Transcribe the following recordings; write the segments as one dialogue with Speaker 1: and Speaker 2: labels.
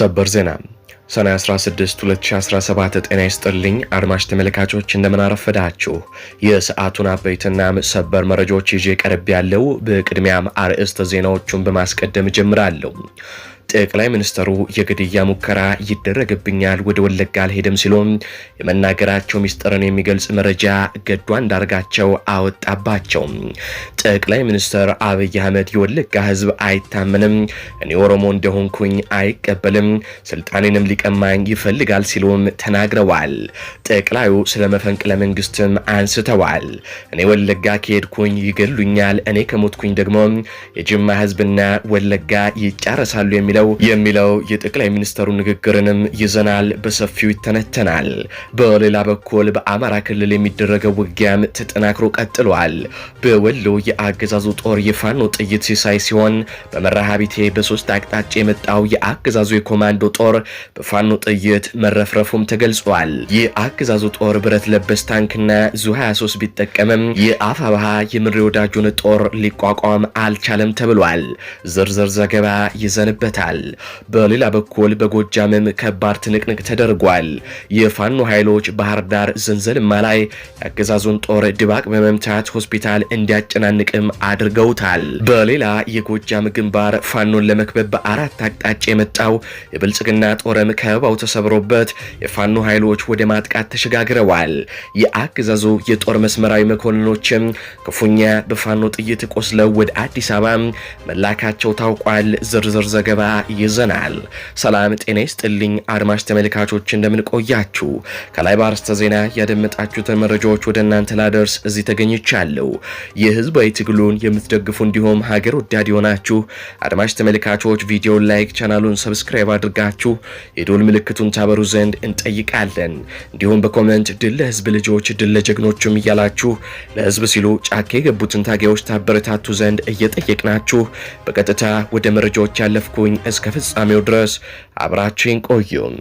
Speaker 1: ሰበር ዜና ሰኔ 16 2017። ጤና ይስጥልኝ አድማጭ ተመልካቾች እንደምን አረፈዳችሁ። የሰዓቱን አበይትና ሰበር መረጃዎች ይዤ ቀርብ ያለው። በቅድሚያም አርዕስተ ዜናዎቹን በማስቀደም እጀምራለሁ። ጠቅላይ ሚኒስትሩ የግድያ ሙከራ ይደረግብኛል፣ ወደ ወለጋ አልሄድም ሲሉም የመናገራቸው ሚስጥርን የሚገልጽ መረጃ ገዱ አንዳርጋቸው አወጣባቸው። ጠቅላይ ሚኒስትር አብይ አህመድ የወለጋ ህዝብ አይታመንም፣ እኔ ኦሮሞ እንደሆንኩኝ አይቀበልም፣ ስልጣኔንም ሊቀማኝ ይፈልጋል ሲሉም ተናግረዋል። ጠቅላዩ ስለ መፈንቅለ መንግስትም አንስተዋል። እኔ ወለጋ ከሄድኩኝ ይገሉኛል፣ እኔ ከሞትኩኝ ደግሞ የጅማ ህዝብና ወለጋ ይጫረሳሉ የሚለው ያለው የሚለው የጠቅላይ ሚኒስተሩ ንግግርንም ይዘናል፣ በሰፊው ይተነተናል። በሌላ በኩል በአማራ ክልል የሚደረገው ውጊያም ተጠናክሮ ቀጥሏል። በወሎ የአገዛዙ ጦር የፋኖ ጥይት ሲሳይ ሲሆን በመራሃቢቴ በሶስት አቅጣጫ የመጣው የአገዛዙ የኮማንዶ ጦር በፋኖ ጥይት መረፍረፉም ተገልጿል። የአገዛዙ ጦር ብረት ለበስ ታንክና ዙ 23 ቢጠቀምም የአፋባሃ የምሬ ወዳጁን ጦር ሊቋቋም አልቻለም ተብሏል። ዝርዝር ዘገባ ይዘንበታል። ተደርጓል። በሌላ በኩል በጎጃምም ከባድ ትንቅንቅ ተደርጓል። የፋኖ ኃይሎች ባህር ዳር ዘንዘልማ ላይ የአገዛዙን ጦር ድባቅ በመምታት ሆስፒታል እንዲያጨናንቅም አድርገውታል። በሌላ የጎጃም ግንባር ፋኖን ለመክበብ በአራት አቅጣጫ የመጣው የብልጽግና ጦርም ከበባው ተሰብሮበት የፋኖ ኃይሎች ወደ ማጥቃት ተሸጋግረዋል። የአገዛዙ የጦር መስመራዊ መኮንኖችም ክፉኛ በፋኖ ጥይት ቆስለው ወደ አዲስ አበባ መላካቸው ታውቋል። ዝርዝር ዘገባ ይዘናል። ሰላም ጤና ይስጥልኝ አድማጭ ተመልካቾች እንደምንቆያችሁ ከላይ በአርስተ ዜና ያደመጣችሁትን መረጃዎች ወደ እናንተ ላደርስ እዚህ ተገኝቻለሁ። የህዝባዊ ትግሉን የምትደግፉ እንዲሁም ሀገር ወዳድ የሆናችሁ አድማጭ ተመልካቾች ቪዲዮን ላይክ፣ ቻናሉን ሰብስክራይብ አድርጋችሁ የዶል ምልክቱን ታበሩ ዘንድ እንጠይቃለን። እንዲሁም በኮመንት ድል ለህዝብ ልጆች ድል ለጀግኖችም እያላችሁ ለህዝብ ሲሉ ጫካ የገቡትን ታጋዮች ታበረታቱ ዘንድ እየጠየቅናችሁ በቀጥታ ወደ መረጃዎች ያለፍኩኝ እስከ ፍጻሜው ድረስ አብራችን ቆዩን።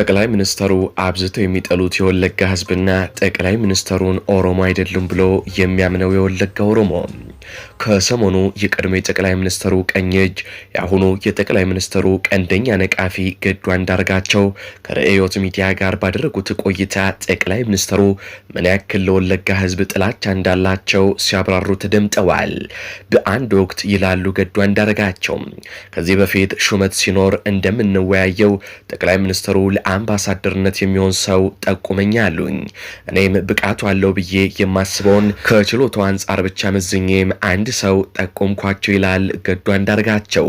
Speaker 1: ጠቅላይ ሚኒስተሩ አብዝተው የሚጠሉት የወለጋ ህዝብና ጠቅላይ ሚኒስተሩን ኦሮሞ አይደሉም ብሎ የሚያምነው የወለጋ ኦሮሞ ከሰሞኑ የቀድሞ የጠቅላይ ሚኒስትሩ ቀኝ እጅ የአሁኑ የጠቅላይ ሚኒስትሩ ቀንደኛ ነቃፊ ገዱ አንዳርጋቸው ከርዕዮት ሚዲያ ጋር ባደረጉት ቆይታ ጠቅላይ ሚኒስትሩ ምን ያክል ለወለጋ ህዝብ ጥላቻ እንዳላቸው ሲያብራሩ ተደምጠዋል። በአንድ ወቅት ይላሉ ገዱ አንዳርጋቸው ከዚህ በፊት ሹመት ሲኖር እንደምንወያየው ጠቅላይ ሚኒስትሩ ለአምባሳደርነት የሚሆን ሰው ጠቁመኛ አሉኝ። እኔም ብቃቱ አለው ብዬ የማስበውን ከችሎታው አንጻር ብቻ መዝኜም አንድ ሰው ጠቆምኳቸው ይላል ገዱ አንዳርጋቸው።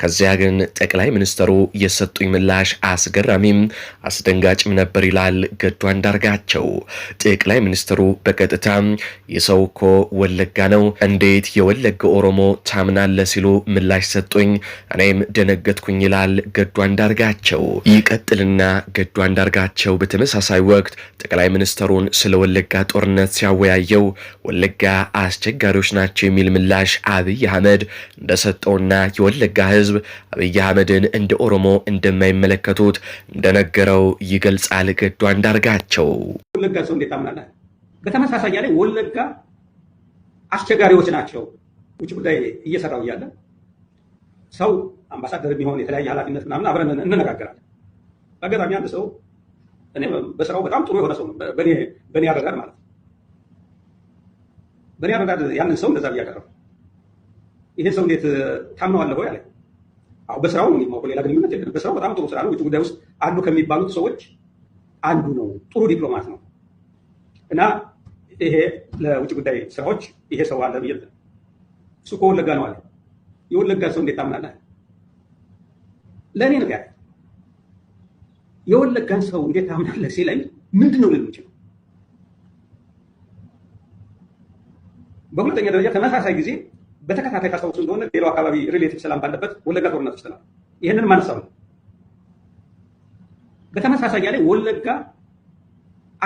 Speaker 1: ከዚያ ግን ጠቅላይ ሚኒስትሩ የሰጡኝ ምላሽ አስገራሚም አስደንጋጭም ነበር ይላል ገዱ አንዳርጋቸው። ጠቅላይ ሚኒስትሩ በቀጥታ የሰው እኮ ወለጋ ነው፣ እንዴት የወለጋ ኦሮሞ ታምናለ ሲሉ ምላሽ ሰጡኝ። እኔም ደነገጥኩኝ ይላል ገዱ አንዳርጋቸው። ይቀጥልና ገዱ አንዳርጋቸው በተመሳሳይ ወቅት ጠቅላይ ሚኒስትሩን ስለ ወለጋ ጦርነት ሲያወያየው ወለጋ አስቸጋሪዎች ናቸው ናቸው የሚል ምላሽ አብይ አህመድ እንደሰጠውና የወለጋ ህዝብ አብይ አህመድን እንደ ኦሮሞ እንደማይመለከቱት እንደነገረው ይገልጻል። ገዱ አንዳርጋቸው
Speaker 2: ወለጋ ሰው እንዴት አምናለህ? በተመሳሳይ ላይ ወለጋ አስቸጋሪዎች ናቸው። ውጭ ጉዳይ እየሰራው እያለ ሰው አምባሳደር የሚሆን የተለያየ ኃላፊነት ምናምን አብረን እንነጋገራለን። በአጋጣሚ አንድ ሰው እኔ በስራው በጣም ጥሩ የሆነ ሰው ነው፣ በእኔ አረዳድ ማለት በእኔ አረዳድ ያንን ሰው እንደዛ ብያቀረብ ይሄ ሰው እንዴት ታምነዋለህ ወይ አለ። አሁ በስራው ነው የማውቀው፣ ሌላ ግንኙነት የለም። በስራው በጣም ጥሩ ስራ ነው። ውጭ ጉዳይ ውስጥ አሉ ከሚባሉት ሰዎች አንዱ ነው። ጥሩ ዲፕሎማት ነው እና ይሄ ለውጭ ጉዳይ ስራዎች ይሄ ሰው አለ ብዬ እሱ ከወለጋ ነው አለ። የወለጋ ሰው እንዴት ታምናለህ? ለእኔ ነው ያ የወለጋን ሰው እንዴት ታምናለህ ሲለኝ ምንድን ነው ልል ምችል በሁለተኛ ደረጃ ተመሳሳይ ጊዜ በተከታታይ ካስታውሱ እንደሆነ ሌላው አካባቢ ሪሌቲቭ ሰላም ባለበት ወለጋ ጦርነት ውስጥ ነው። ይህንን ማንሳው ነው። በተመሳሳይ ላይ ወለጋ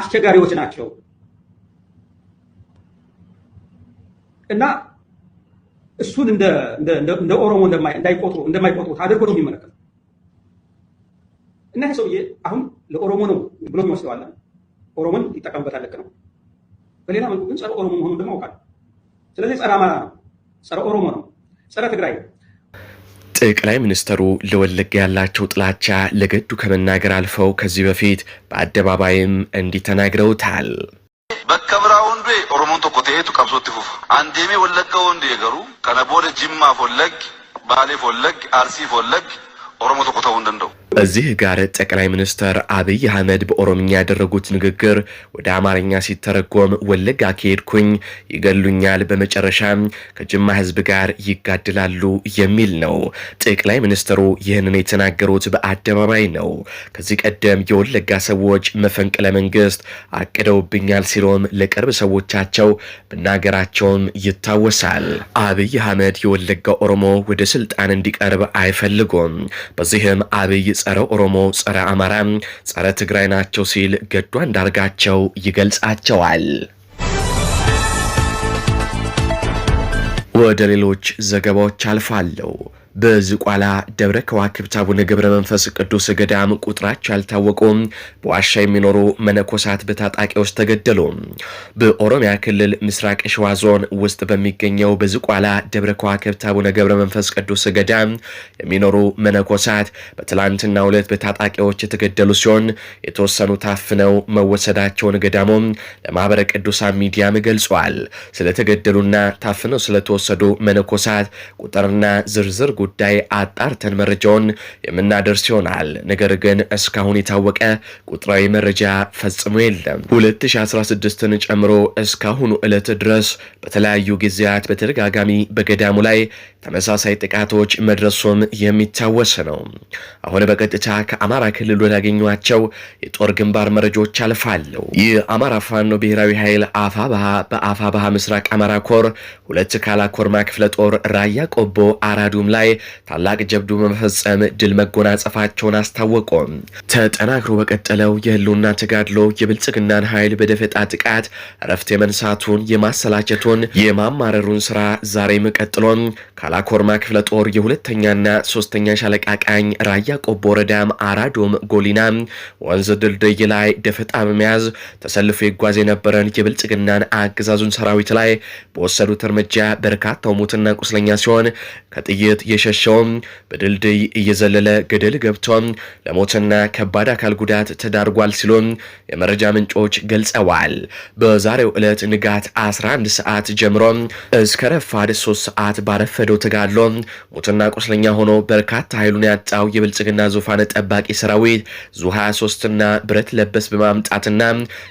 Speaker 2: አስቸጋሪዎች ናቸው እና እሱን እንደ ኦሮሞ እንዳይቆጥሩ እንደማይቆጥሩ አድርጎ ነው የሚመለከት እና ይህ ሰውዬ አሁን ለኦሮሞ ነው ብሎ የሚወስደዋለን ኦሮሞን ይጠቀምበታል። ልክ ነው። በሌላ መልኩ ግን ጸረ ኦሮሞ መሆኑን ደግሞ አውቃለሁ። ስለዚህ ጸረ አማራ ነው፣ ጸረ ኦሮሞ ነው፣ ጸረ ትግራይ ነው።
Speaker 1: ጠቅላይ ሚኒስትሩ ለወለጋ ያላቸው ጥላቻ ለገዱ ከመናገር አልፈው ከዚህ በፊት በአደባባይም እንዲህ ተናግረውታል።
Speaker 3: በከብራ ወንዱ ኦሮሞን ቶኮ ተሄቱ ቀብሶት አንዴሜ ወለጋ ወንዱ የገሩ ቀነቦደ ጅማ ፎለግ ባሌ ፎለግ አርሲ ፎለግ ኦሮሞ ተቆታው እንደንደው
Speaker 1: እዚህ ጋር ጠቅላይ ሚኒስትር አብይ አህመድ በኦሮምኛ ያደረጉት ንግግር ወደ አማርኛ ሲተረጎም ወለጋ ከሄድኩኝ ይገሉኛል፣ በመጨረሻም ከጅማ ህዝብ ጋር ይጋድላሉ የሚል ነው። ጠቅላይ ሚኒስትሩ ይህንን የተናገሩት በአደባባይ ነው። ከዚህ ቀደም የወለጋ ሰዎች መፈንቅለ መንግስት አቅደውብኛል ሲሎም ለቅርብ ሰዎቻቸው መናገራቸውም ይታወሳል። አብይ አህመድ የወለጋ ኦሮሞ ወደ ስልጣን እንዲቀርብ አይፈልጉም። በዚህም አብይ ጸረ ኦሮሞ፣ ጸረ አማራ፣ ጸረ ትግራይ ናቸው ሲል ገዱ አንዳርጋቸው ይገልጻቸዋል። ወደ ሌሎች ዘገባዎች አልፋለሁ። በዝቋላ ደብረ ከዋክብት አቡነ ገብረ መንፈስ ቅዱስ ገዳም ቁጥራቸው ያልታወቁም በዋሻ የሚኖሩ መነኮሳት በታጣቂዎች ተገደሉ። በኦሮሚያ ክልል ምስራቅ ሸዋ ዞን ውስጥ በሚገኘው በዝቋላ ደብረ ከዋክብት አቡነ ገብረ መንፈስ ቅዱስ ገዳም የሚኖሩ መነኮሳት በትላንትናው ዕለት በታጣቂዎች የተገደሉ ሲሆን የተወሰኑ ታፍነው መወሰዳቸውን ገዳሙም ለማህበረ ቅዱሳን ሚዲያም ገልጿል። ስለተገደሉና ታፍነው ስለተወሰዱ መነኮሳት ቁጥርና ዝርዝር ጉዳይ አጣርተን መረጃውን የምናደርስ ይሆናል። ነገር ግን እስካሁን የታወቀ ቁጥራዊ መረጃ ፈጽሞ የለም። 2016ን ጨምሮ እስካሁኑ ዕለት ድረስ በተለያዩ ጊዜያት በተደጋጋሚ በገዳሙ ላይ ተመሳሳይ ጥቃቶች መድረሱም የሚታወስ ነው። አሁን በቀጥታ ከአማራ ክልል ወዳገኟቸው የጦር ግንባር መረጃዎች አልፋለሁ። የአማራ ፋኖ ብሔራዊ ኃይል አፋባሃ በአፋባሃ ምስራቅ አማራ ኮር ሁለት ካላ ክፍለ ጦር ራያ ቆቦ አራዱም ላይ ታላቅ ጀብዱ በመፈጸም ድል መጎናጸፋቸውን አስታወቁ። ተጠናክሮ በቀጠለው የህልውና ተጋድሎ የብልጽግናን ኃይል በደፈጣ ጥቃት እረፍት የመንሳቱን የማሰላቸቱን የማማረሩን ስራ ዛሬም ቀጥሎም ካላኮርማ ክፍለ ጦር የሁለተኛና ሶስተኛ ሻለቃ ቃኝ ራያ ቆቦ ወረዳም አራዶም ጎሊና ወንዝ ድልድይ ላይ ደፈጣ በመያዝ ተሰልፎ ይጓዝ የነበረን የብልጽግናን አገዛዙን ሰራዊት ላይ በወሰዱት እርምጃ በርካታው ሞትና ቁስለኛ ሲሆን ከጥይት የሸሸው በድልድይ እየዘለለ ገደል ገብቶ ለሞትና ከባድ አካል ጉዳት ተዳርጓል ሲሉ የመረጃ ምንጮች ገልጸዋል። በዛሬው ዕለት ንጋት 11 ሰዓት ጀምሮ እስከ ረፋድ 3 ሰዓት ባረፈደው ተጋድሎ ሞትና ቁስለኛ ሆኖ በርካታ ኃይሉን ያጣው የብልጽግና ዙፋን ጠባቂ ሰራዊት ዙ 23ና ብረት ለበስ በማምጣትና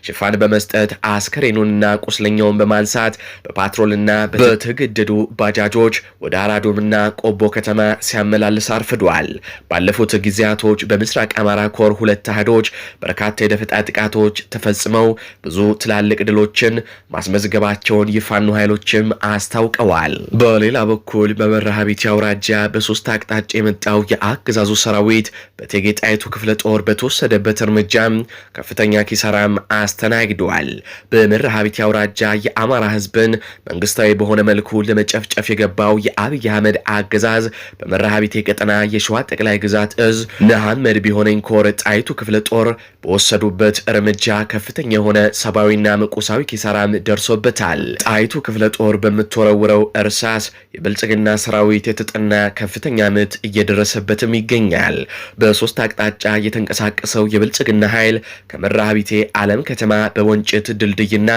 Speaker 1: ሽፋን በመስጠት አስከሬኑንና ቁስለኛውን በማንሳት በፓትሮልና በተገደዱ ባጃጆች ወደ አራዶምና ቆቦ ከተማ ሲያመላልስ አርፍዷል። ባለፉት ጊዜያቶች በምስራቅ አማራ ኮር ሁለት አህዶች በርካታ የደፈጣ ጥቃቶች ተፈጽመው ብዙ ትላልቅ ድሎችን ማስመዝገባቸውን የፋኖ ኃይሎችም አስታውቀዋል። በሌላ በኩል በመርሃ አውራጃ በሶስት አቅጣጫ የመጣው የአገዛዙ ሰራዊት በእቴጌ ጣይቱ ክፍለ ጦር በተወሰደበት እርምጃም ከፍተኛ ኪሳራም አስተናግደዋል። በመርሃ አውራጃ የአማራ ህዝብን መንግስታዊ በሆነ መልኩ ለመጨፍጨፍ የገባው የአብይ አህመድ አገዛዝ በመርሃቤቴ ቀጠና የሸዋ ጠቅላይ ግዛት እዝ ነሐመድ ቢሆነኝ ኮር ጣይቱ ክፍለ ጦር በወሰዱበት እርምጃ ከፍተኛ የሆነ ሰብአዊና ቁሳዊ ኪሳራም ደርሶበታል። ጣይቱ ክፍለ ጦር በምትወረውረው እርሳስ የብልጽግና ሰራዊት የተጠና ከፍተኛ ምት እየደረሰበትም ይገኛል። በሶስት አቅጣጫ የተንቀሳቀሰው የብልጽግና ኃይል ከመርሃቤቴ ዓለም ከተማ በወንጭት ድልድይና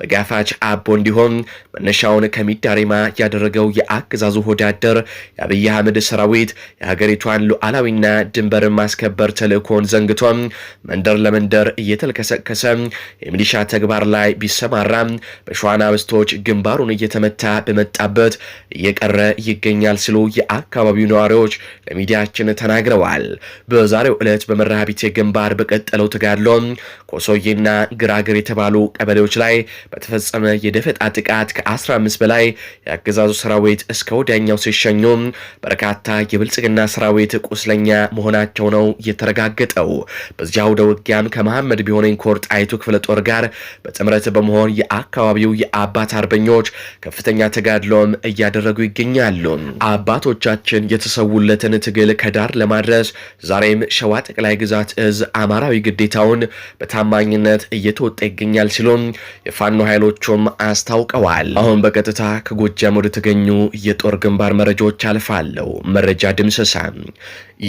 Speaker 1: በጋፋች አቦ እንዲሆን መነሻውን ከሚዳሬማ ያደረገው የአገዛዙ ሆዳደር የአብይ አህመድ ሰራዊት የሀገሪቷን ሉዓላዊና ድንበርን ማስከበር ተልእኮን ዘንግቶ መንደር ለመንደር እየተልከሰከሰ የሚሊሻ ተግባር ላይ ቢሰማራ በሸዋና በስቶች ግንባሩን እየተመታ በመጣበት እየቀረ ይገኛል ሲሉ የአካባቢው ነዋሪዎች ለሚዲያችን ተናግረዋል። በዛሬው ዕለት በመርሃ ግንባር በቀጠለው ተጋድሎ ኮሶዬና ግራግር የተባሉ ቀበሌዎች ላይ በተፈጸመ የደፈጣ ጥቃት ከ15 በላይ የአገዛዙ ሰራዊት እስከ ወዲያኛው ሲሸኙ በርካታ የብልጽግና ሰራዊት ቁስለኛ መሆናቸው ነው የተረጋገጠው። በዚያ አውደ ውጊያም ከመሐመድ ቢሆነኝ ኮር ጣይቱ ክፍለ ጦር ጋር በጥምረት በመሆን የአካባቢው የአባት አርበኞች ከፍተኛ ተጋድሎም እያደረጉ ይገኛሉ። አባቶቻችን የተሰውለትን ትግል ከዳር ለማድረስ ዛሬም ሸዋ ጠቅላይ ግዛት እዝ አማራዊ ግዴታውን በታማኝነት እየተወጣ ይገኛል ሲሉም የፋኖ ኃይሎቹም አስታውቀዋል። አሁን በቀጥታ ከጎጃም ወደ ተገኙ የጦር ግንባር መረጃዎች አልፈ አልፋለሁ። መረጃ ድምሰሳ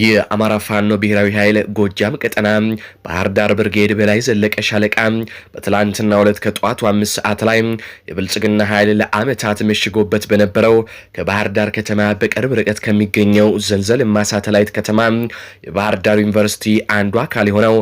Speaker 1: የአማራ ፋኖ ብሔራዊ ኃይል ጎጃም ቀጠና ባህር ዳር ብርጌድ በላይ ዘለቀ ሻለቃ በትላንትና ሁለት ከጠዋቱ አምስት ሰዓት ላይ የብልጽግና ኃይል ለአመታት መሽጎበት በነበረው ከባህር ዳር ከተማ በቅርብ ርቀት ከሚገኘው ዘንዘልማ ሳተላይት ከተማ የባህር ዳር ዩኒቨርሲቲ አንዱ አካል የሆነው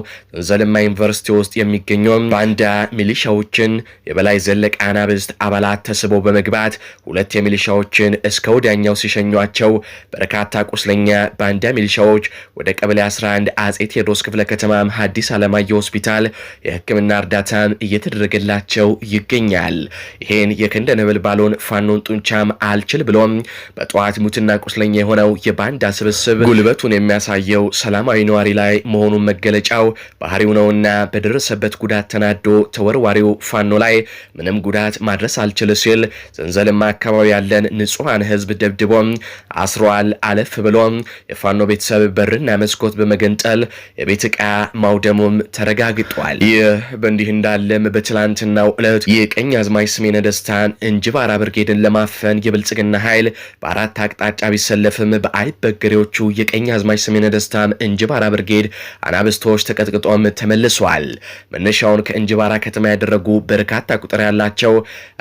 Speaker 1: ዘንዘልማ ዩኒቨርሲቲ ውስጥ የሚገኘው ባንዳ ሚሊሻዎችን የበላይ ዘለቀ አናብስት አባላት ተስበው በመግባት ሁለት የሚሊሻዎችን እስከ ወዲያኛው ሲሸኟቸው ናቸው። በርካታ ቁስለኛ ባንዳ ሚሊሻዎች ወደ ቀበሌ 11 አጼ ቴዎድሮስ ክፍለ ከተማ ሐዲስ ዓለማየሁ ሆስፒታል የህክምና እርዳታም እየተደረገላቸው ይገኛል። ይህን የክንደ ነበልባሉን ፋኖን ጡንቻም አልችል ብሎም በጠዋት ሙትና ቁስለኛ የሆነው የባንዳ ስብስብ ጉልበቱን የሚያሳየው ሰላማዊ ነዋሪ ላይ መሆኑን መገለጫው ባህሪው ነውና በደረሰበት ጉዳት ተናዶ ተወርዋሪው ፋኖ ላይ ምንም ጉዳት ማድረስ አልችል ሲል ዘንዘልማ አካባቢ ያለን ንጹሐን ህዝብ ደብድቦም አስሯል። አለፍ ብሎ የፋኖ ቤተሰብ በርና መስኮት በመገንጠል የቤት ዕቃ ማውደሙም ተረጋግጧል። ይህ በእንዲህ እንዳለም በትላንትናው ዕለት የቀኝ አዝማች ስሜነ ደስታን እንጅባራ ብርጌድን ለማፈን የብልጽግና ኃይል በአራት አቅጣጫ ቢሰለፍም በአይበገሬዎቹ የቀኝ አዝማች ስሜነ ደስታም እንጅባራ ብርጌድ አናብስቶች ተቀጥቅጦም ተመልሷል። መነሻውን ከእንጅባራ ከተማ ያደረጉ በርካታ ቁጥር ያላቸው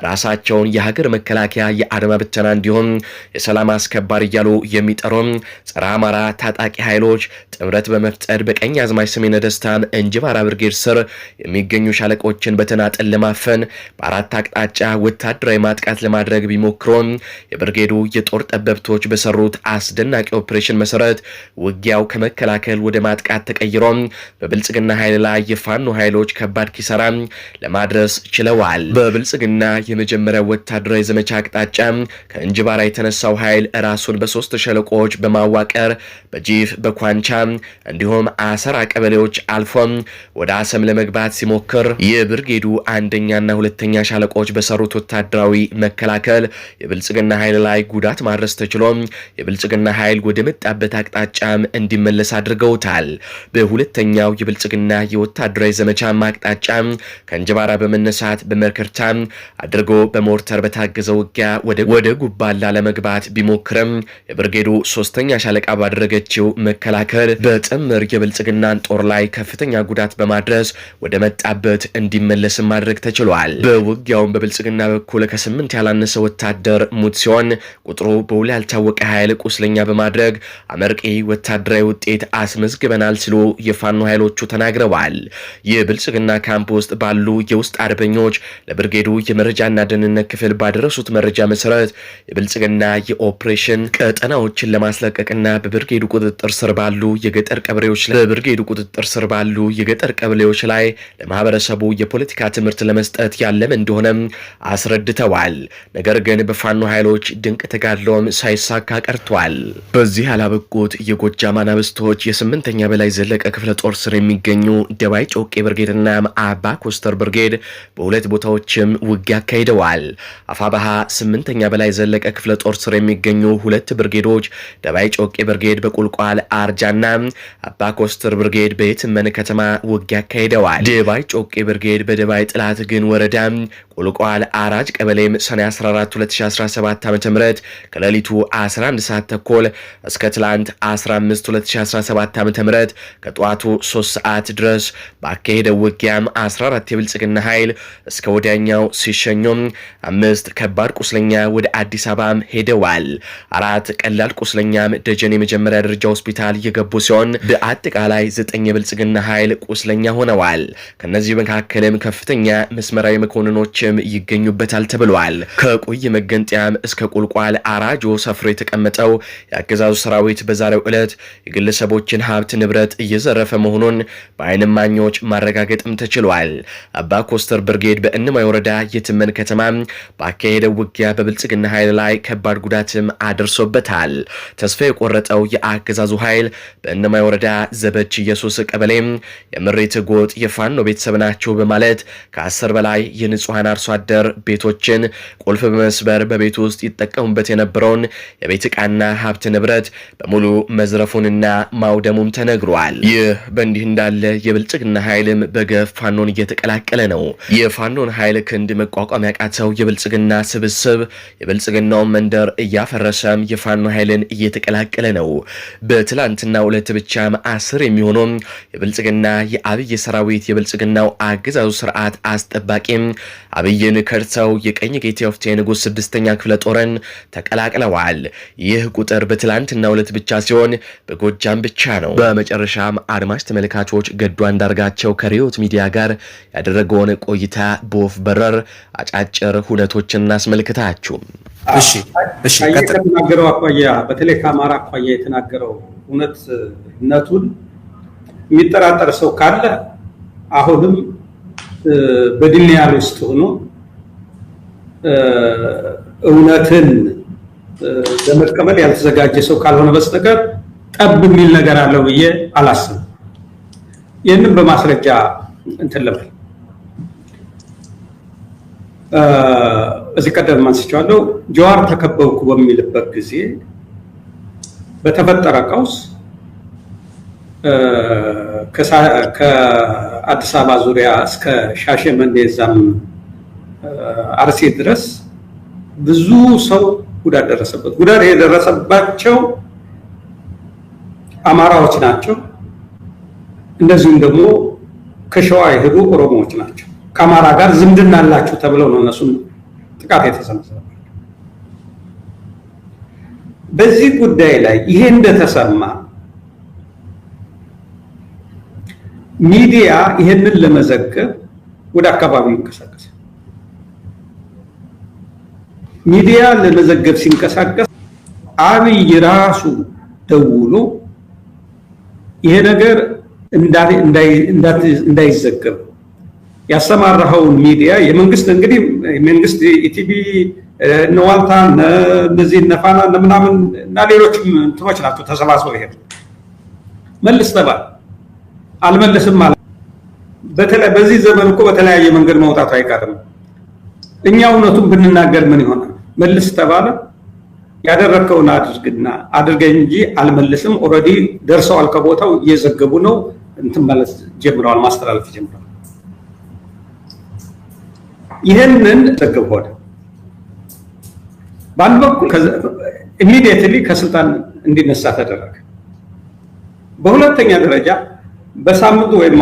Speaker 1: ራሳቸውን የሀገር መከላከያ የአድማ ብተና እንዲሁም የሰላም አስከባሪ አፋር እያሉ የሚጠሩም ጸረ አማራ ታጣቂ ኃይሎች ጥምረት በመፍጠር በቀኝ አዝማች ሰሜነ ደስታን እንጅባራ ብርጌድ ስር የሚገኙ ሻለቆችን በተናጠል ለማፈን በአራት አቅጣጫ ወታደራዊ ማጥቃት ለማድረግ ቢሞክሮም የብርጌዱ የጦር ጠበብቶች በሰሩት አስደናቂ ኦፕሬሽን መሰረት ውጊያው ከመከላከል ወደ ማጥቃት ተቀይሮም በብልጽግና ኃይል ላይ የፋኖ ኃይሎች ከባድ ኪሳራ ለማድረስ ችለዋል። በብልጽግና የመጀመሪያ ወታደራዊ ዘመቻ አቅጣጫ ከእንጅባራ የተነሳው ኃይል ራሱ ራሱን በሶስት ሸለቆዎች በማዋቀር በጂፍ በኳንቻ እንዲሁም አሰራ ቀበሌዎች አልፎም ወደ አሰም ለመግባት ሲሞክር የብርጌዱ አንደኛና ሁለተኛ ሻለቆዎች በሰሩት ወታደራዊ መከላከል የብልጽግና ኃይል ላይ ጉዳት ማድረስ ተችሎም የብልጽግና ኃይል ወደ መጣበት አቅጣጫም እንዲመለስ አድርገውታል። በሁለተኛው የብልጽግና የወታደራዊ ዘመቻ አቅጣጫ ከእንጀባራ በመነሳት በመርከርታ አድርጎ በሞርተር በታገዘ ውጊያ ወደ ጉባላ ለመግባት ቢሞክርም የብርጌዱ ሶስተኛ ሻለቃ ባደረገችው መከላከል በጥምር የብልጽግናን ጦር ላይ ከፍተኛ ጉዳት በማድረስ ወደ መጣበት እንዲመለስም ማድረግ ተችሏል። በውጊያውም በብልጽግና በኩል ከስምንት ያላነሰ ወታደር ሙት ሲሆን ቁጥሩ በውል ያልታወቀ ኃይል ቁስለኛ በማድረግ አመርቂ ወታደራዊ ውጤት አስመዝግበናል ሲሉ የፋኖ ኃይሎቹ ተናግረዋል። የብልጽግና ካምፕ ውስጥ ባሉ የውስጥ አርበኞች ለብርጌዱ የመረጃና ደህንነት ክፍል ባደረሱት መረጃ መሰረት የብልጽግና የኦፕሬሽን ቀጠናዎችን ለማስለቀቅና በብርጌዱ ቁጥጥር ስር ባሉ የገጠር ቀበሌዎች በብርጌዱ ቁጥጥር ስር ባሉ የገጠር ቀበሌዎች ላይ ለማህበረሰቡ የፖለቲካ ትምህርት ለመስጠት ያለም እንደሆነም አስረድተዋል። ነገር ግን በፋኖ ኃይሎች ድንቅ ተጋድሎም ሳይሳካ ቀርቷል። በዚህ ያላበቁት የጎጃም አናብስቶች የስምንተኛ በላይ ዘለቀ ክፍለ ጦር ስር የሚገኙ ደባይ ጮቄ ብርጌድና አባ ኮስተር ብርጌድ በሁለት ቦታዎችም ውጊያ አካሂደዋል። አፋባሃ ስምንተኛ በላይ ዘለቀ ክፍለ ጦር ስር የሚገኙ ሁለት ሁለት ብርጌዶች ደባይ ጮቄ ብርጌድ በቁልቋል አርጃና አባ ኮስተር ብርጌድ በየትመን ከተማ ውጊያ አካሂደዋል። ደባይ ጮቄ ብርጌድ በደባይ ጥላት ግን ወረዳ ቁልቋል አራጅ ቀበሌም ሰኔ 14 2017 ዓ ም ከሌሊቱ 11 ሰዓት ተኮል እስከ ትላንት 15 2017 ዓ ም ከጠዋቱ 3 ሰዓት ድረስ ባካሄደው ውጊያም 14 የብልጽግና ኃይል እስከ ወዲያኛው ሲሸኙም አምስት ከባድ ቁስለኛ ወደ አዲስ አበባም ሄደዋል። አራት ቀላል ቁስለኛም ደጀን የመጀመሪያ ደረጃ ሆስፒታል እየገቡ ሲሆን በአጠቃላይ ዘጠኝ የብልጽግና ኃይል ቁስለኛ ሆነዋል። ከነዚህ መካከልም ከፍተኛ መስመራዊ መኮንኖችም ይገኙበታል ተብሏል። ከቁይ መገንጠያም እስከ ቁልቋል አራጆ ሰፍሮ የተቀመጠው የአገዛዙ ሰራዊት በዛሬው ዕለት የግለሰቦችን ሀብት ንብረት እየዘረፈ መሆኑን በአይን እማኞች ማረጋገጥም ተችሏል። አባ ኮስተር ብርጌድ በእነማይ ወረዳ የትመን ከተማ በአካሄደው ውጊያ በብልጽግና ኃይል ላይ ከባድ ጉዳትም አድርሷል። ደርሶበታል። ተስፋ የቆረጠው የአገዛዙ ኃይል በእነማይ ወረዳ ዘበች ኢየሱስ ቀበሌም የምሬት ጎጥ የፋኖ ቤተሰብ ናቸው በማለት ከአስር በላይ የንጹሐን አርሶ አደር ቤቶችን ቁልፍ በመስበር በቤት ውስጥ ይጠቀሙበት የነበረውን የቤት ዕቃና ሀብት ንብረት በሙሉ መዝረፉንና ማውደሙም ተነግሯል። ይህ በእንዲህ እንዳለ የብልጽግና ኃይልም በገፍ ፋኖን እየተቀላቀለ ነው። የፋኖን ኃይል ክንድ መቋቋም ያቃተው የብልጽግና ስብስብ የብልጽግናውን መንደር እያፈረሰም በኋላም የፋኖ ኃይልን እየተቀላቀለ ነው። በትላንትና ሁለት ብቻ አስር የሚሆኑ የብልጽግና የአብይ ሰራዊት የብልጽግናው አገዛዙ ስርዓት አስጠባቂም አብይን ከርተው የቀኝ ጌቴ ንጉሥ ስድስተኛ ክፍለ ጦርን ተቀላቅለዋል። ይህ ቁጥር በትላንትና ሁለት ብቻ ሲሆን በጎጃም ብቻ ነው። በመጨረሻም አድማጭ ተመልካቾች ገዱ አንዳርጋቸው ከሪዮት ሚዲያ ጋር ያደረገውን ቆይታ በወፍ በረር አጫጭር ሁነቶችን እናስመልክታችሁ።
Speaker 4: እሺ እሺ ከተናገረው አኳያ በተለይ ከአማራ አኳያ የተናገረው እውነትነቱን የሚጠራጠር ሰው ካለ አሁንም በድንያል ውስጥ ሆኖ እውነትን ለመቀበል ያልተዘጋጀ ሰው ካልሆነ በስተቀር ጠብ የሚል ነገር አለው ብዬ አላስብም። ይህንም በማስረጃ እንትን ልበል እዚህ ቀደም አንስቼዋለሁ። ጀዋር ተከበብኩ በሚልበት ጊዜ በተፈጠረ ቀውስ ከአዲስ አበባ ዙሪያ እስከ ሻሸመኔ እዛም አርሴ ድረስ ብዙ ሰው ጉዳት ደረሰበት። ጉዳት የደረሰባቸው አማራዎች ናቸው። እንደዚሁም ደግሞ ከሸዋ የሄዱ ኦሮሞዎች ናቸው። ከአማራ ጋር ዝምድና አላችሁ ተብለው ነው እነሱም ጥቃት የተሰነዘረው። በዚህ ጉዳይ ላይ ይሄ እንደተሰማ ሚዲያ ይሄንን ለመዘገብ ወደ አካባቢው ይንቀሳቀስ። ሚዲያ ለመዘገብ ሲንቀሳቀስ አብይ ራሱ ደውሎ ይሄ ነገር እንዳይዘገብ ያሰማራኸውን ሚዲያ የመንግስት እንግዲህ መንግስት ኢቲቪ እነ ዋልታ እነዚህ እነፋና ምናምን እና ሌሎችም እንትኖች ናቸው ተሰባስበው ይሄዱ መልስ ተባል አልመልስም ማለት በዚህ ዘመን እኮ በተለያየ መንገድ መውጣቱ አይቀርም። እኛ እውነቱን ብንናገር ምን ይሆናል? መልስ ተባለ ያደረግከውን አድርግና አድርገኝ እንጂ አልመልስም። ኦልሬዲ ደርሰዋል፣ ከቦታው እየዘገቡ ነው። እንትን ማለት ጀምረዋል፣ ማስተላለፍ ጀምረዋል። ይህንን ጥቅብ ሆነ። በአንድ በኩል ኢሚዲየትሊ ከስልጣን እንዲነሳ ተደረገ። በሁለተኛ ደረጃ በሳምንቱ ወይም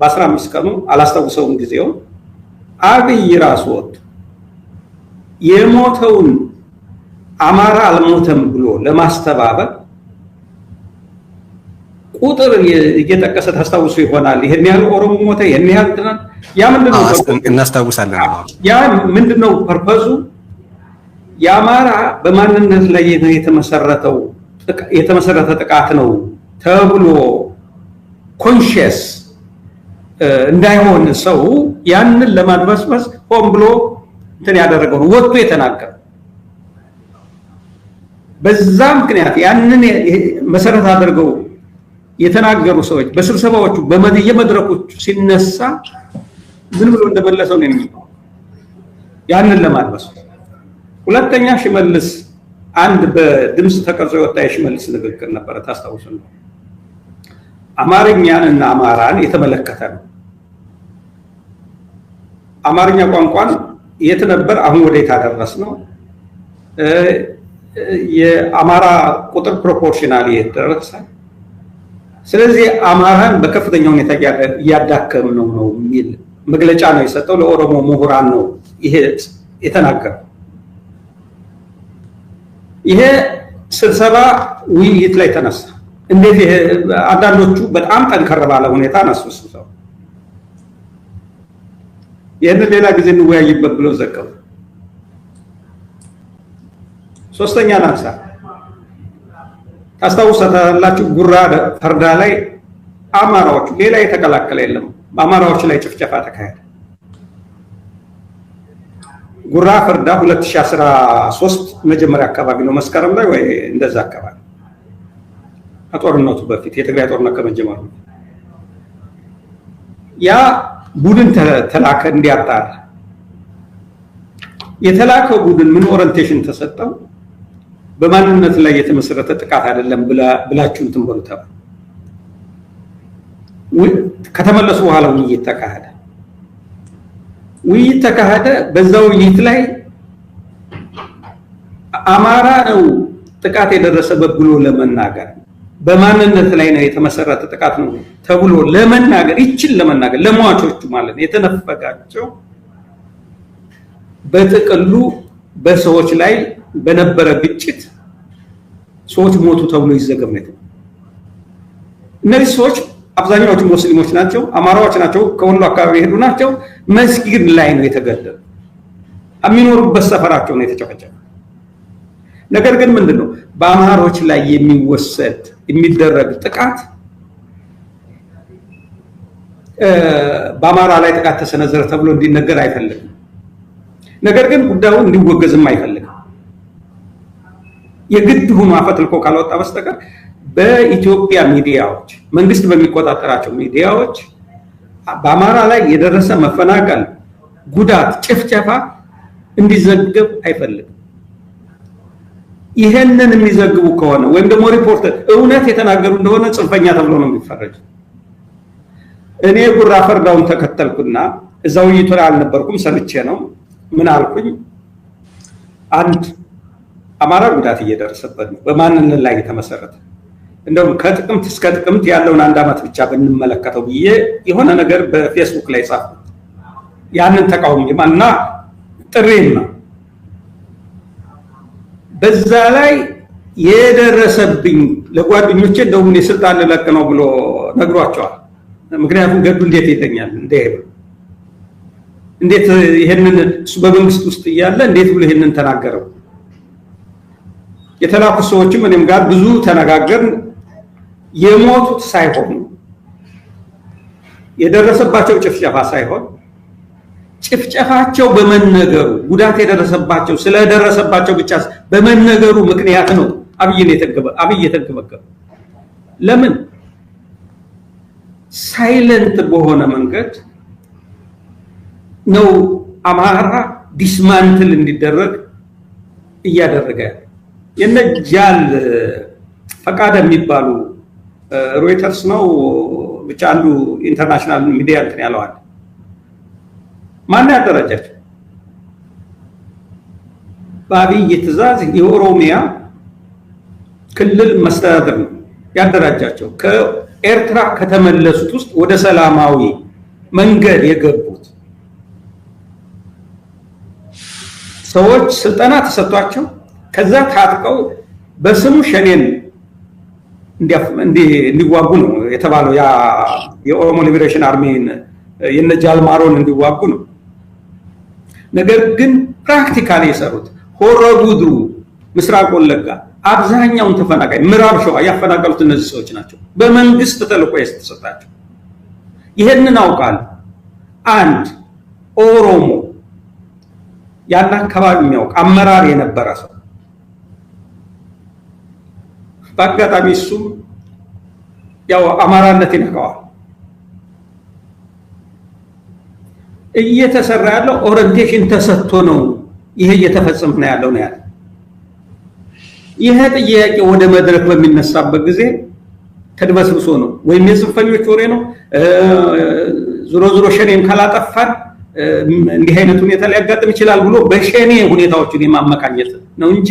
Speaker 4: በአስራ አምስት ቀኑ አላስታውሰውም ጊዜውን አብይ ራሱ ወጡ የሞተውን አማራ አልሞተም ብሎ ለማስተባበል ቁጥር እየጠቀሰ ታስታውሱ ይሆናል። ይሄን ያህል ኦሮሞ ሞተ፣ ይሄን ያህል እንትናል። ያ ምንድነው
Speaker 1: እናስታውሳለን።
Speaker 4: ያ ምንድነው ፐርፐዙ? የአማራ በማንነት ላይ የተመሰረተው የተመሰረተ ጥቃት ነው ተብሎ ኮንሽየስ እንዳይሆን ሰው ያንን ለማድበስበስ ሆን ብሎ እንትን ያደረገው ነው ወጥቶ የተናገረ በዛ ምክንያት ያንን መሰረት አድርገው የተናገሩ ሰዎች በስብሰባዎቹ በየመድረኮቹ ሲነሳ ምን ብሎ እንደመለሰው ነው የሚለው። ያንን ለማድረስ ሁለተኛ ሽመልስ አንድ በድምፅ ተቀርጾ የወጣ የሽመልስ ንግግር ነበረ። ታስታውሱ ነው። አማርኛን እና አማራን የተመለከተ ነው። አማርኛ ቋንቋን የት ነበር፣ አሁን ወዴት አደረስ ነው። የአማራ ቁጥር ፕሮፖርሽናል የት ስለዚህ አማራን በከፍተኛ ሁኔታ እያዳከም ነው ነው የሚል መግለጫ ነው የሰጠው። ለኦሮሞ ምሁራን ነው ይሄ የተናገረው። ይሄ ስብሰባ ውይይት ላይ ተነሳ። እንዴት ይሄ አንዳንዶቹ በጣም ጠንከር ባለ ሁኔታ ነሱ ስብሰባ ይህንን ሌላ ጊዜ እንወያይበት ብለው ዘገቡ። ሶስተኛ ናንሳ ታስታውሳላችሁ። ጉራ ፈርዳ ላይ አማራዎች ሌላ የተቀላቀለ የለም። በአማራዎች ላይ ጭፍጨፋ ተካሄደ። ጉራ ፈርዳ 2013 መጀመሪያ አካባቢ ነው መስከረም ላይ ወይ እንደዛ አካባቢ ከጦርነቱ በፊት የትግራይ ጦርነት ከመጀመሩ ያ ቡድን ተላከ እንዲያጣራ የተላከው ቡድን ምን ኦሪንቴሽን ተሰጠው? በማንነት ላይ የተመሰረተ ጥቃት አይደለም ብላችሁ እንትን በሉ ተባለ። ከተመለሱ በኋላ ውይይት ተካሄደ። ውይይት ተካሄደ። በዛ ውይይት ላይ አማራ ነው ጥቃት የደረሰበት ብሎ ለመናገር በማንነት ላይ ነው የተመሰረተ ጥቃት ነው ተብሎ ለመናገር ይችን ለመናገር ለሟቾቹ ማለት ነው የተነፈጋቸው በጥቅሉ በሰዎች ላይ በነበረ ግጭት ሰዎች ሞቱ ተብሎ ይዘገብ ነው። እነዚህ ሰዎች አብዛኛዎቹ ሙስሊሞች ናቸው፣ አማራዎች ናቸው፣ ከወሎ አካባቢ የሄዱ ናቸው። መስጊድ ላይ ነው የተገደሉ። የሚኖሩበት ሰፈራቸው ነው የተጨፈጨፈ። ነገር ግን ምንድን ነው በአማሮች ላይ የሚወሰድ የሚደረግ ጥቃት በአማራ ላይ ጥቃት ተሰነዘረ ተብሎ እንዲነገር አይፈልግም። ነገር ግን ጉዳዩ እንዲወገዝም አይፈልግም። የግድ ሁኖ አፈትልኮ ካልወጣ በስተቀር በኢትዮጵያ ሚዲያዎች መንግስት በሚቆጣጠራቸው ሚዲያዎች በአማራ ላይ የደረሰ መፈናቀል፣ ጉዳት፣ ጭፍጨፋ እንዲዘግብ አይፈልግም። ይህንን የሚዘግቡ ከሆነ ወይም ደግሞ ሪፖርት እውነት የተናገሩ እንደሆነ ጽንፈኛ ተብሎ ነው የሚፈረጅ። እኔ ጉራ ፈርዳውን ተከተልኩና እዛ ውይይቱ ላይ አልነበርኩም፣ ሰምቼ ነው ምን አልኩኝ አንድ አማራ ጉዳት እየደረሰበት ነው። በማንነት ላይ የተመሰረተ እንደውም ከጥቅምት እስከ ጥቅምት ያለውን አንድ ዓመት ብቻ ብንመለከተው ብዬ የሆነ ነገር በፌስቡክ ላይ ጻፍኩት። ያንን ተቃውሞ እና ጥሬም ነው። በዛ ላይ የደረሰብኝ ለጓደኞቼ እንደውም የስልጣን ልለቅ ነው ብሎ ነግሯቸዋል። ምክንያቱም ገዱ እንዴት ይተኛል እንደ እንዴት ይሄንን እሱ በመንግስት ውስጥ እያለ እንዴት ብሎ ይሄንን ተናገረው? የተላኩ ሰዎችም እኔም ጋር ብዙ ተነጋገርን። የሞቱት ሳይሆኑ የደረሰባቸው ጭፍጨፋ ሳይሆን ጭፍጨፋቸው በመነገሩ ጉዳት የደረሰባቸው ስለደረሰባቸው ብቻ በመነገሩ ምክንያት ነው አብይ የተንገበገበ። ለምን ሳይለንት በሆነ መንገድ ነው አማራ ዲስማንትል እንዲደረግ እያደረገ ያለ የነጃል ፈቃደ የሚባሉ ሮይተርስ ነው ብቻ አንዱ ኢንተርናሽናል ሚዲያ እንትን ያለዋል። ማን ያደራጃቸው? በአብይ ትእዛዝ የኦሮሚያ ክልል መስተዳድር ነው ያደራጃቸው። ከኤርትራ ከተመለሱት ውስጥ ወደ ሰላማዊ መንገድ የገቡት ሰዎች ስልጠና ተሰጥቷቸው ከዛ ታጥቀው በስሙ ሸኔን እንዲዋጉ ነው የተባለው። ያ የኦሮሞ ሊቤሬሽን አርሚን የነ ጃልማሮን እንዲዋጉ ነው። ነገር ግን ፕራክቲካሊ የሰሩት ሆሮ ጉድሩ፣ ምስራቅ ወለጋ አብዛኛውን ተፈናቃይ ምዕራብ ሸዋ ያፈናቀሉት እነዚህ ሰዎች ናቸው። በመንግስት ተልዕኮ የተሰጣቸው ይህንን አውቃለሁ። አንድ ኦሮሞ ያን አካባቢ የሚያውቅ አመራር የነበረ ሰው በአጋጣሚ እሱ ያው አማራነት ይነካዋል። እየተሰራ ያለው ኦሪንቴሽን ተሰጥቶ ነው ይሄ እየተፈጸመ ነው ያለው ነው ያለ። ይሄ ጥያቄ ወደ መድረክ በሚነሳበት ጊዜ ተድበስብሶ ነው ወይም የጽንፈኞች ወሬ ነው። ዝሮ ዞሮ ሸኔም ካላጠፋን እንዲህ አይነት ሁኔታ ሊያጋጥም ይችላል ብሎ በሸኔ ሁኔታዎችን የማመካኘት ነው እንጂ